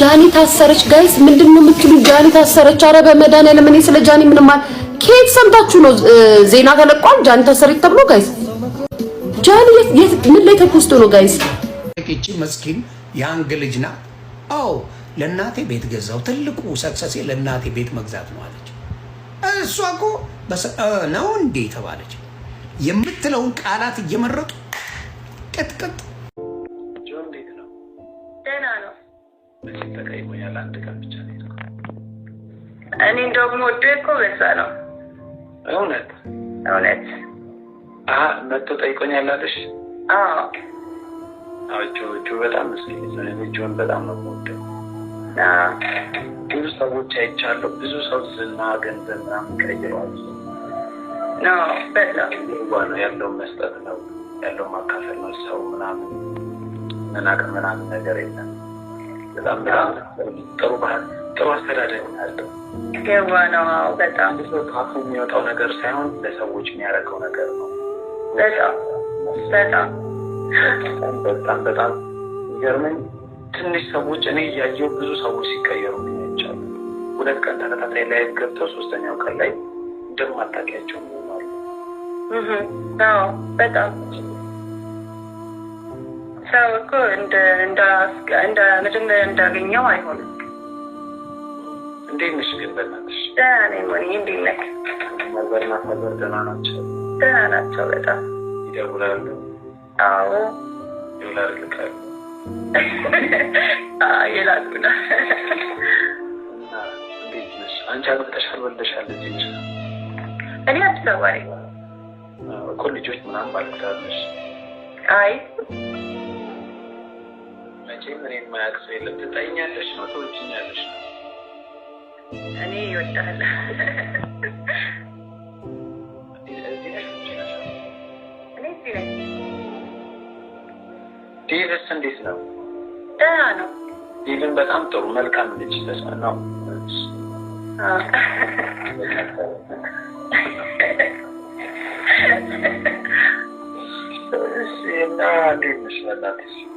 ጃኒ ታሰረች። ጋይስ ምንድን ነው የምትሉ? ጃኒ ታሰረች። አረ በመድኃኒዓለም እኔ ስለ ጃኒ ምንም አል ከየት ሰምታችሁ ነው? ዜና ተለቋል። ጃኒ ታሰረች ተብሎ ጋይስ፣ ጃኒ ምን ላይ ተኮስቶ ነው ጋይስ? እቺ መስኪን ያንግ ልጅ ናት። አዎ ለእናቴ ቤት ገዛው። ትልቁ ሰክሰሴ ለእናቴ ቤት መግዛት ነው አለች። እሷ እኮ ነው እንዴ ተባለች። የምትለውን ቃላት እየመረጡ ቅጥቅጥ ይቆያል። አንድ ቀን ብቻ ነው እኔ ደግሞ ወዶ እኮ በዛ ነው እውነት እውነት መጥቶ ጠይቆኝ ያላለሽ ጆጆ በጣም ስ ጆን በጣም ነው የምወደው። ብዙ ሰዎች አይቻለሁ። ብዙ ሰው ዝና፣ ገንዘብ ምናምን ቀይረዋል። ነው ያለው መስጠት ነው ያለው ማካፈል ነው። ሰው ምናምን መናቅ ምናምን ነገር የለም። በጣም በጣም ጥሩ ባህል ጥሩ አስተዳደር ያለው ገዋ ነው። በጣም ካፉ የሚወጣው ነገር ሳይሆን ለሰዎች የሚያደርገው ነገር ነው። በጣም በጣም በጣም በጣም ይገርመኝ። ትንሽ ሰዎች እኔ እያየው ብዙ ሰዎች ሲቀየሩ ይቻሉ። ሁለት ቀን ተከታታይ ላይ ገብተው ሶስተኛው ቀን ላይ እንደማታውቂያቸው ይሆናሉ። በጣም ሰው እኮ እንደ እንደ እንደ መጀመሪያ እንዳገኘው አይሆንም። እንዴት ነሽ ግን በእናትሽ? ደህና ነኝ ሞኒ፣ እንዴት ነህ? መልበርና ፈልበር ደህና ናቸው? ደህና ናቸው በጣም ይደውላሉ? አዎ ይውላል ልካሉ ይላሉና አንቺ አግብተሻል ወልደሻል? እዚህ ነሽ? እኔ አዲስ አበባ ነኝ እኮ ልጆች ምናምን ባልክታለሽ? አይ መቼም እኔን የማያውቅ ሰው የለም። ትጠይኛለሽ ነው ትወጂኛለሽ ነው እኔ ይወዳል ዴቭስ እንዴት ነው? ደህና ነው። ዴቭን በጣም ጥሩ መልካም ልጅ ነው። እና እንዴት ነሽ?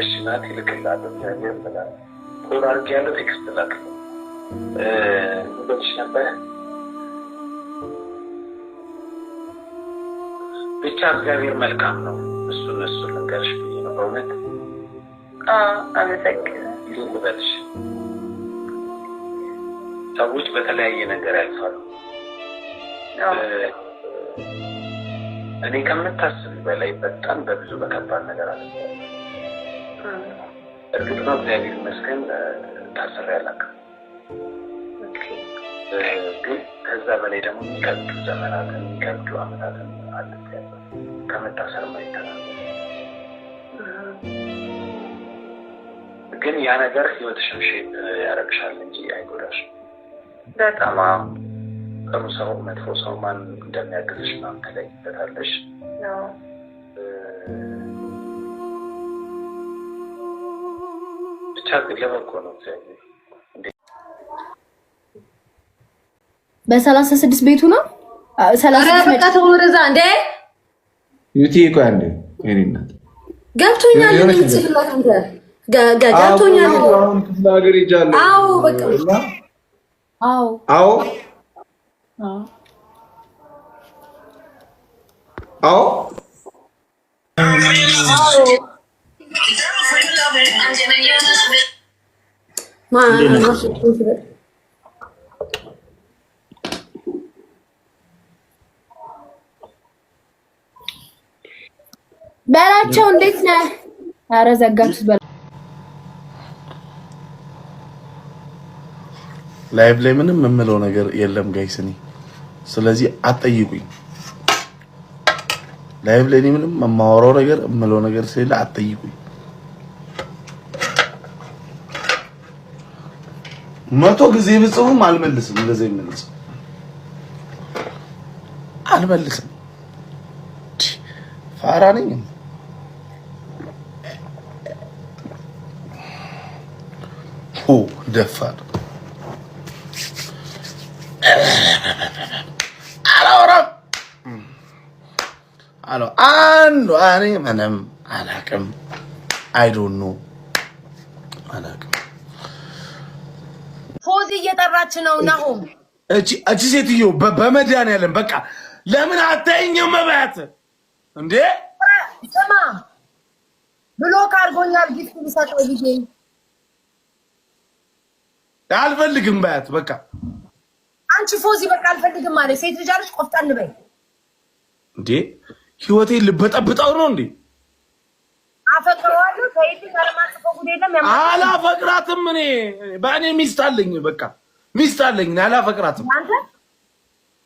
እሺ ናት ይልክላል እግዚአብሔር ምላል ቶሎ አድርጌ ያለው ቴክስት ላክ ብሎች ነበረ። ብቻ እግዚአብሔር መልካም ነው። እሱ እሱ ልንገርሽ ብ ነው በእውነት አመሰግናለሁ ልበልሽ። ሰዎች በተለያየ ነገር ያልፋሉ። እኔ ከምታስብ በላይ በጣም በብዙ በከባድ ነገር አለ እርግጥ ነው እግዚአብሔር ይመስገን ታስሬ አላውቅም። ግን ከዛ በላይ ደግሞ የሚከብዱ ዘመናትን የሚከብዱ አመታትን አለት ከመታሰር ማይተናል ግን ያ ነገር ህይወትሽን ሼፕ ያደርግሻል እንጂ አይጎዳሽ። በጣም ጥሩ ሰው መጥፎ ሰው ማን እንደሚያግዝሽ ማምተለይበታለሽ። ብቻ ግን ለበጎ ነው። በሰላሳ ስድስት ቤቱ ነው እንዴ? ዩቲ ቆ አንዴ ይኔናት ገብቶኛል። ገብቶኛል። በላቸው እንዴት ነህ? ኧረ ዘጋችሁት። በላ ላይቭ ላይ ምንም የምለው ነገር የለም ጋይስ እኔ ስለዚህ አትጠይቁኝ። ላይቭ ላይ እኔ ምንም የማወራው ነገር የምለው ነገር ስለሌለ አትጠይቁኝ። መቶ ጊዜ ብጽፉም አልመልስም። እንደዚህ ይመልስ አልመልስም። ፋራ ነኝ። ኦ ደፋር አላወራም አለው። አንዱ እኔ ምንም አላቅም። አይ ዶንት ኖ አላውቅም ወንድ እየጠራች ነው ናሁም። እቺ ሴትዮ በመድኃኒዓለም በቃ ለምን አታይኝም? እንዴ ስማ ጊፍት ጊዜ አልፈልግም ባያት በቃ አንቺ ፎዚ በቃ አልፈልግም ሴት ልጅ አለች። ቆፍጠን በይ እንዴ ህይወቴ ነው እንዴ አፈቅረዋለሁ ጋርማ አላፈቅራትም። እኔ በእኔ ሚስት አለኝ፣ በቃ ሚስት አለኝ። አላፈቅራትም።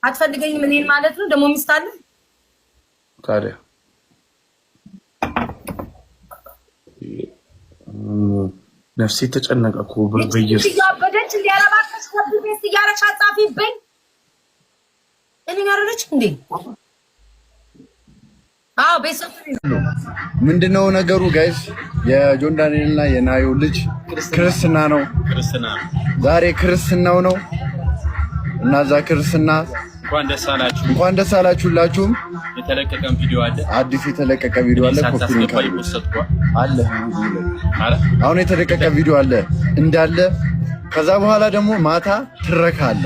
አትፈልገኝም እኔን ማለት ነው። ደግሞ ሚስት አለ ታዲያ ነፍሴ ተጨነቀ እኮ በየሱ እያበደች እንዲያረባሽ ቤት እያረሻ ጻፊብኝ እኔ ያረለች እንዴ አዎ ምንድነው ነገሩ ጋይስ? የጆን ዳንኤል እና የናዮ ልጅ ክርስትና ነው። ዛሬ ክርስትናው ነው እና እዛ ክርስትና እንኳን ደስ አላችሁ፣ እንኳን ደስ አላችሁ የተለቀቀም ቪዲዮ አለ፣ አዲስ የተለቀቀ ቪዲዮ አለ። ኮፒሊንክ አለ፣ አሁን የተለቀቀ ቪዲዮ አለ እንዳለ። ከዛ በኋላ ደግሞ ማታ ትረካ አለ።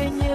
огне.